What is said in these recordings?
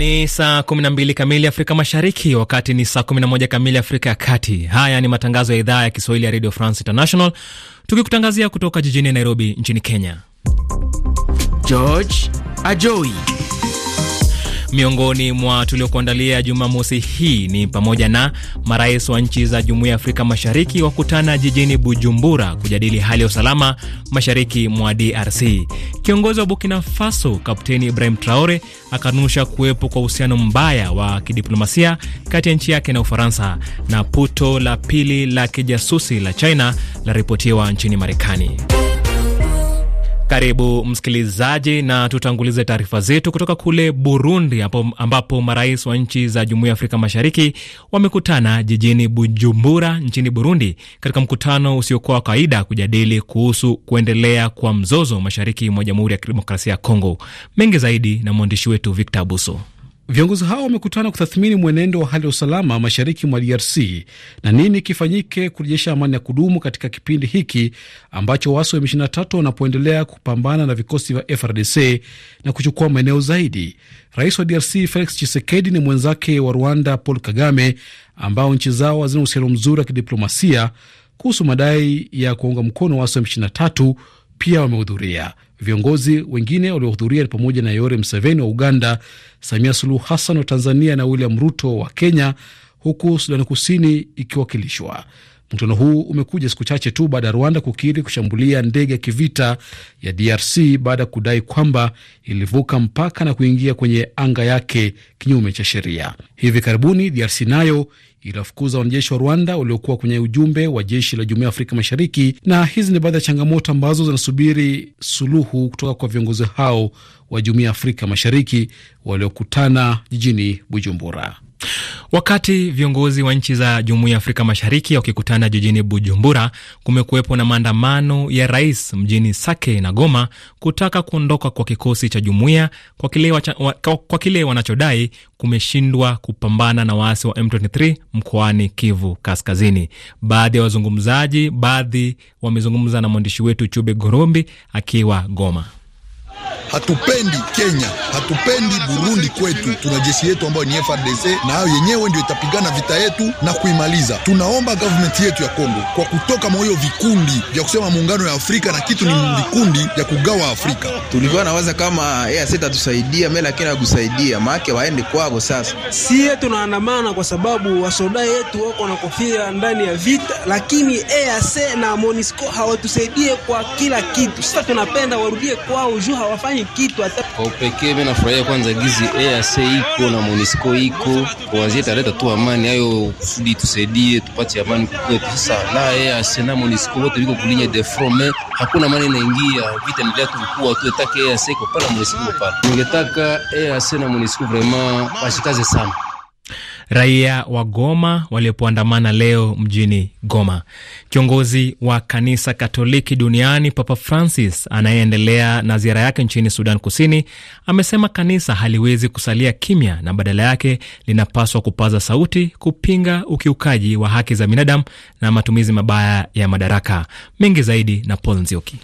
Ni saa 12 kamili Afrika Mashariki, wakati ni saa 11 kamili Afrika ya Kati. Haya ni matangazo ya idhaa ya Kiswahili ya Radio France International, tukikutangazia kutoka jijini Nairobi nchini Kenya. George Ajoi Miongoni mwa tuliokuandalia Jumamosi hii ni pamoja na marais wa nchi za Jumuiya ya Afrika Mashariki wakutana jijini Bujumbura kujadili hali ya usalama mashariki mwa DRC. Kiongozi wa Burkina Faso Kapteni Ibrahim Traore akanusha kuwepo kwa uhusiano mbaya wa kidiplomasia kati ya nchi yake na Ufaransa. Na puto la pili la kijasusi la China laripotiwa nchini Marekani. Karibu msikilizaji, na tutangulize taarifa zetu kutoka kule Burundi ambapo marais wa nchi za Jumuiya ya Afrika Mashariki wamekutana jijini Bujumbura nchini Burundi katika mkutano usiokuwa wa kawaida kujadili kuhusu kuendelea kwa mzozo mashariki mwa Jamhuri ya Kidemokrasia ya Kongo. Mengi zaidi na mwandishi wetu Victor Abuso. Viongozi hao wamekutana kutathmini mwenendo wa hali ya usalama mashariki mwa DRC na nini kifanyike kurejesha amani ya kudumu katika kipindi hiki ambacho waasi wa M23 wanapoendelea kupambana na vikosi vya FRDC na kuchukua maeneo zaidi. Rais wa DRC Felix Tshisekedi ni mwenzake wa Rwanda Paul Kagame, ambao nchi zao hazina uhusiano mzuri wa kidiplomasia kuhusu madai ya kuunga mkono waasi wa M23 pia wamehudhuria. Viongozi wengine waliohudhuria ni pamoja na Yoweri Museveni wa Uganda, Samia Suluhu Hassan wa Tanzania na William Ruto wa Kenya, huku Sudani Kusini ikiwakilishwa. Mkutano huu umekuja siku chache tu baada ya Rwanda kukiri kushambulia ndege ya kivita ya DRC baada ya kudai kwamba ilivuka mpaka na kuingia kwenye anga yake kinyume cha sheria. Hivi karibuni DRC nayo iliwafukuza wanajeshi wa Rwanda waliokuwa kwenye ujumbe wa jeshi la Jumuiya ya Afrika Mashariki. Na hizi ni baadhi ya changamoto ambazo zinasubiri suluhu kutoka kwa viongozi hao wa Jumuiya ya Afrika Mashariki waliokutana jijini Bujumbura. Wakati viongozi wa nchi za Jumuiya ya Afrika Mashariki wakikutana jijini Bujumbura, kumekuwepo na maandamano ya rais mjini Sake na Goma kutaka kuondoka kwa kikosi cha jumuiya kwa kile, wa, kwa kile wanachodai kumeshindwa kupambana na waasi wa M23 mkoani Kivu Kaskazini. Baadhi ya wazungumzaji, baadhi wamezungumza na mwandishi wetu Chube Gorombi akiwa Goma. Hatupendi Kenya, hatupendi Burundi kwetu. Tuna jeshi yetu ambayo ni frdc na hayo yenyewe ndio itapigana vita yetu na kuimaliza. Tunaomba government yetu ya Kongo kwa kutoka mwa vikundi vya kusema muungano ya Afrika na kitu ni vikundi vya kugawa Afrika. Tulikuwa nawaza kama yeye eh, sita tusaidia mimi, lakini akusaidia maake waende kwavo Sasa sie tunaandamana kwa sababu wasoda yetu wako na kofia ndani ya vita, lakini EAC na MONUSCO hawatusaidie kwa kila kitu. Sasa tunapenda warudie kwao juu hawafanyi kitu hata kwa upekee. Mimi nafurahia kwanza gizi EAC iko na MONUSCO iko kuanzia tarehe tu amani hayo kusudi tusaidie tupate amani kwetu. Sasa la EAC na MONUSCO wote viko kulinya de front, hakuna amani inaingia, vita ni leo kwa tu etake EAC kwa pala MONUSCO pala. Ningetaka EAC na MONUSCO vraiment washikaze sana raia wa Goma waliopoandamana leo mjini Goma. Kiongozi wa kanisa Katoliki duniani Papa Francis anayeendelea na ziara yake nchini Sudan Kusini amesema kanisa haliwezi kusalia kimya na badala yake linapaswa kupaza sauti kupinga ukiukaji wa haki za binadamu na matumizi mabaya ya madaraka. Mengi zaidi na Paul Nzioki.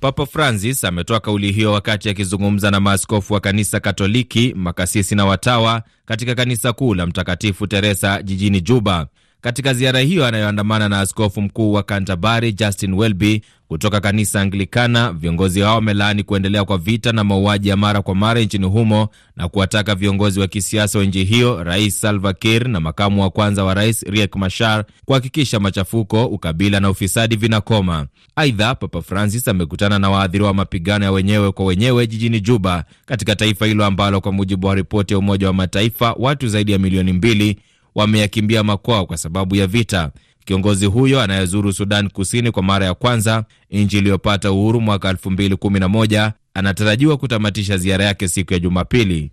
Papa Francis ametoa kauli hiyo wakati akizungumza na maaskofu wa kanisa Katoliki, makasisi na watawa katika kanisa kuu la Mtakatifu Teresa jijini Juba katika ziara hiyo anayoandamana na askofu mkuu wa Canterbury Justin Welby kutoka kanisa Anglikana. Viongozi hao wamelaani kuendelea kwa vita na mauaji ya mara kwa mara nchini humo na kuwataka viongozi wa kisiasa wa nchi hiyo, Rais Salva Kiir na makamu wa kwanza wa rais Riek Machar, kuhakikisha machafuko, ukabila na ufisadi vinakoma. Aidha, Papa Francis amekutana na waathiriwa wa mapigano ya wenyewe kwa wenyewe jijini Juba, katika taifa hilo ambalo kwa mujibu wa ripoti ya Umoja wa Mataifa watu zaidi ya milioni mbili wameyakimbia makwao kwa sababu ya vita. Kiongozi huyo anayezuru Sudan Kusini kwa mara ya kwanza, nchi iliyopata uhuru mwaka 2011, anatarajiwa kutamatisha ziara yake siku ya Jumapili.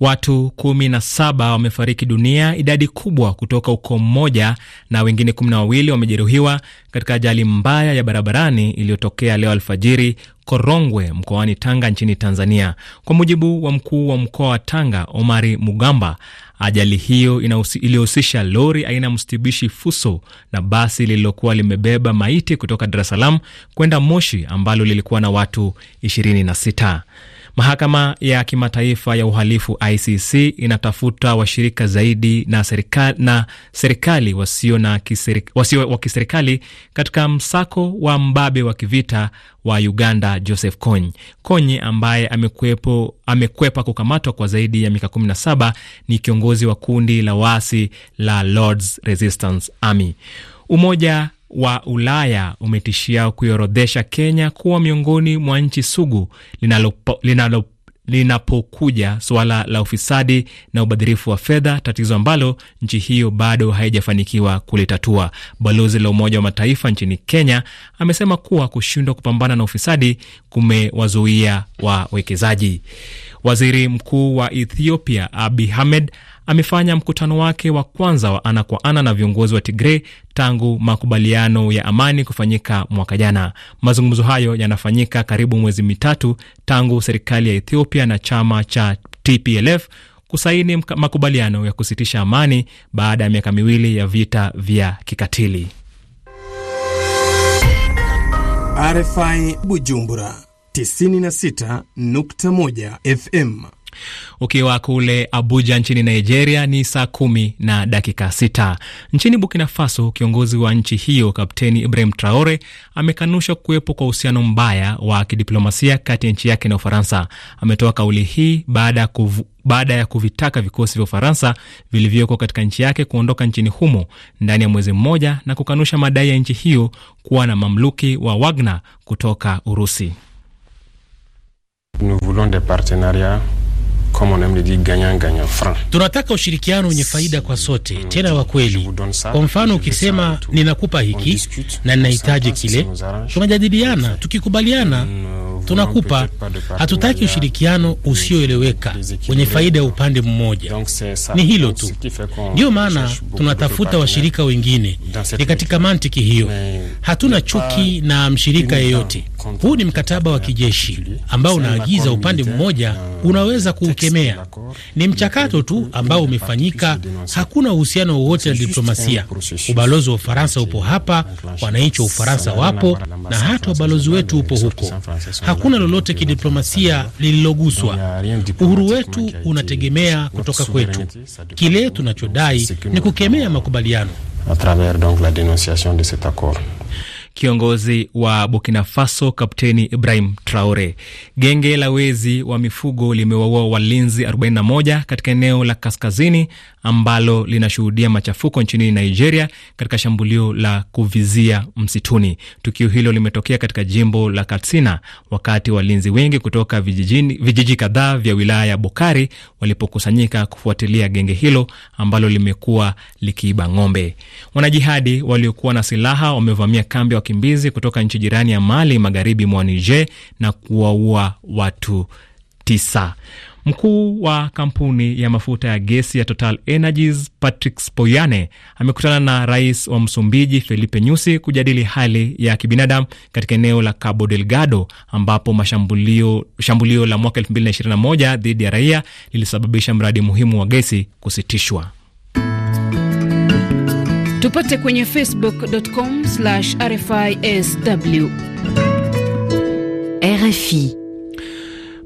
Watu 17 wamefariki dunia, idadi kubwa kutoka ukoo mmoja, na wengine wawili wamejeruhiwa katika ajali mbaya ya barabarani iliyotokea leo alfajiri Korongwe mkoani Tanga nchini Tanzania. Kwa mujibu wa mkuu wa mkoa wa Tanga Omari Mugamba, ajali hiyo iliyohusisha lori aina ya Mstibishi Fuso na basi lililokuwa limebeba maiti kutoka Dar es Salaam kwenda Moshi ambalo lilikuwa na watu 26. Mahakama ya kimataifa ya uhalifu ICC inatafuta washirika zaidi na serikali, na serikali wasio na wasio wa kiserikali katika msako wa mbabe wa kivita wa Uganda Joseph Kony. Kony ambaye amekwepa kukamatwa kwa zaidi ya miaka 17 ni kiongozi wa kundi la waasi la Lords Resistance Army. Umoja wa Ulaya umetishia kuiorodhesha Kenya kuwa miongoni mwa nchi sugu linalopo, linapokuja suala la ufisadi na ubadhirifu wa fedha, tatizo ambalo nchi hiyo bado haijafanikiwa kulitatua. Balozi la Umoja wa Mataifa nchini Kenya amesema kuwa kushindwa kupambana na ufisadi kumewazuia wawekezaji. Waziri Mkuu wa Ethiopia Abiy Ahmed amefanya mkutano wake wa kwanza wa ana kwa ana na viongozi wa tigrei tangu makubaliano ya amani kufanyika mwaka jana. Mazungumzo hayo yanafanyika karibu mwezi mitatu tangu serikali ya Ethiopia na chama cha TPLF kusaini makubaliano ya kusitisha amani baada ya miaka miwili ya vita vya kikatili. RFI Bujumbura 96.1 FM ukiwa kule Abuja nchini Nigeria ni saa kumi na dakika sita. Nchini Burkina Faso, kiongozi wa nchi hiyo Kapteni Ibrahim Traore amekanusha kuwepo kwa uhusiano mbaya wa kidiplomasia kati ya nchi yake na Ufaransa. Ametoa kauli hii baada ya kuvu baada ya kuvitaka vikosi vya Ufaransa vilivyoko katika nchi yake kuondoka nchini humo ndani ya mwezi mmoja na kukanusha madai ya nchi hiyo kuwa na mamluki wa Wagner kutoka Urusi kama ganyan ganyan Tunataka ushirikiano wenye faida kwa sote, tena wa kweli. Kwa mfano, ukisema ninakupa hiki na ninahitaji kile, tunajadiliana tukikubaliana mm, tunakupa. Hatutaki ushirikiano usioeleweka wenye faida ya upande mmoja. Ni hilo tu, ndiyo maana tunatafuta washirika wengine. Ni katika mantiki hiyo, hatuna chuki na mshirika yeyote. Huu ni mkataba wa kijeshi ambao unaagiza upande mmoja, unaweza kuukemea. Ni mchakato tu ambao umefanyika, hakuna uhusiano wowote na diplomasia. Ubalozi wa Ufaransa upo hapa, wananchi wa Ufaransa wapo, na hata wabalozi wetu upo huko. Hakuna lolote kidiplomasia lililoguswa. Uhuru wetu unategemea kutoka kwetu. Kile tunachodai ni kukemea makubaliano kiongozi wa Burkina Faso Kapteni Ibrahim Traore. Genge la wezi wa mifugo limewaua walinzi 41 katika eneo la kaskazini ambalo linashuhudia machafuko nchini Nigeria katika shambulio la kuvizia msituni. Tukio hilo limetokea katika jimbo la Katsina wakati walinzi wengi kutoka vijijini, vijiji kadhaa vya wilaya ya Bukari walipokusanyika kufuatilia genge hilo ambalo limekuwa likiiba ng'ombe. Wanajihadi waliokuwa na silaha wamevamia kambi wa wakimbizi kutoka nchi jirani ya Mali magharibi mwa Niger na kuwaua watu tisa. Mkuu wa kampuni ya mafuta ya gesi ya Total Energies Patrick Spoyane amekutana na rais wa Msumbiji Felipe Nyusi kujadili hali ya kibinadamu katika eneo la Cabo Delgado ambapo mashambulio shambulio la mwaka 2021 dhidi ya raia lilisababisha mradi muhimu wa gesi kusitishwa. Tupate kwenye facebook.com RFISW. RFI.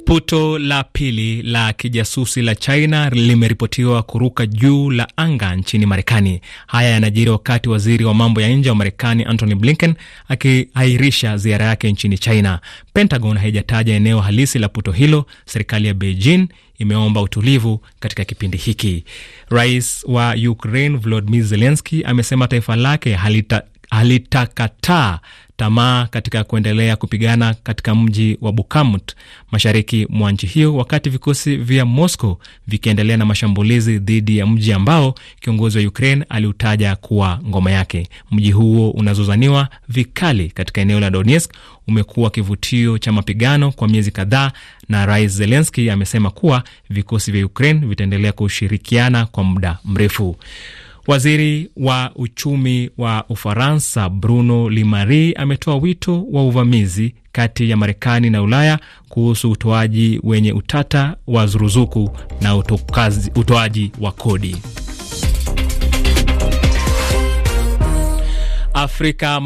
Puto la pili la kijasusi la China limeripotiwa kuruka juu la anga nchini Marekani. Haya yanajiri wakati waziri wa mambo ya nje wa Marekani Antony Blinken akiahirisha ziara yake nchini China. Pentagon haijataja eneo halisi la puto hilo. Serikali ya Beijing imeomba utulivu katika kipindi hiki. Rais wa Ukraine Volodymyr Zelensky amesema taifa lake halita alitakataa tamaa katika kuendelea kupigana katika mji wa Bukamut mashariki mwa nchi hiyo, wakati vikosi vya Moscow vikiendelea na mashambulizi dhidi ya mji ambao kiongozi wa Ukraine aliutaja kuwa ngoma yake. Mji huo unazozaniwa vikali katika eneo la Donetsk umekuwa kivutio cha mapigano kwa miezi kadhaa, na Rais zelenski amesema kuwa vikosi vya Ukraine vitaendelea kushirikiana kwa muda mrefu. Waziri wa uchumi wa Ufaransa Bruno Limari ametoa wito wa uvamizi kati ya Marekani na Ulaya kuhusu utoaji wenye utata wa zuruzuku na utokazi, utoaji wa kodi. Afrika